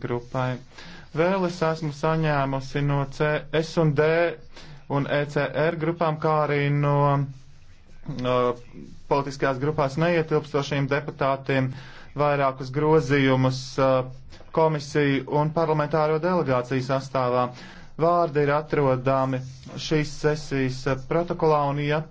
grupai. Vēl es esmu saņēmusi no S&D un ECR grupām, kā arī no, no politiskajās grupās neietilpstošiem deputātiem vairākus grozījumus uh, komisiju un parlamentāro delegāciju sastāvā. Vārdi ir atrodami šīs sesijas uh, protokolā, un ja